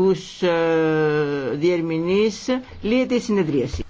τους ε, διερμηνείς λύεται η συνεδρίαση.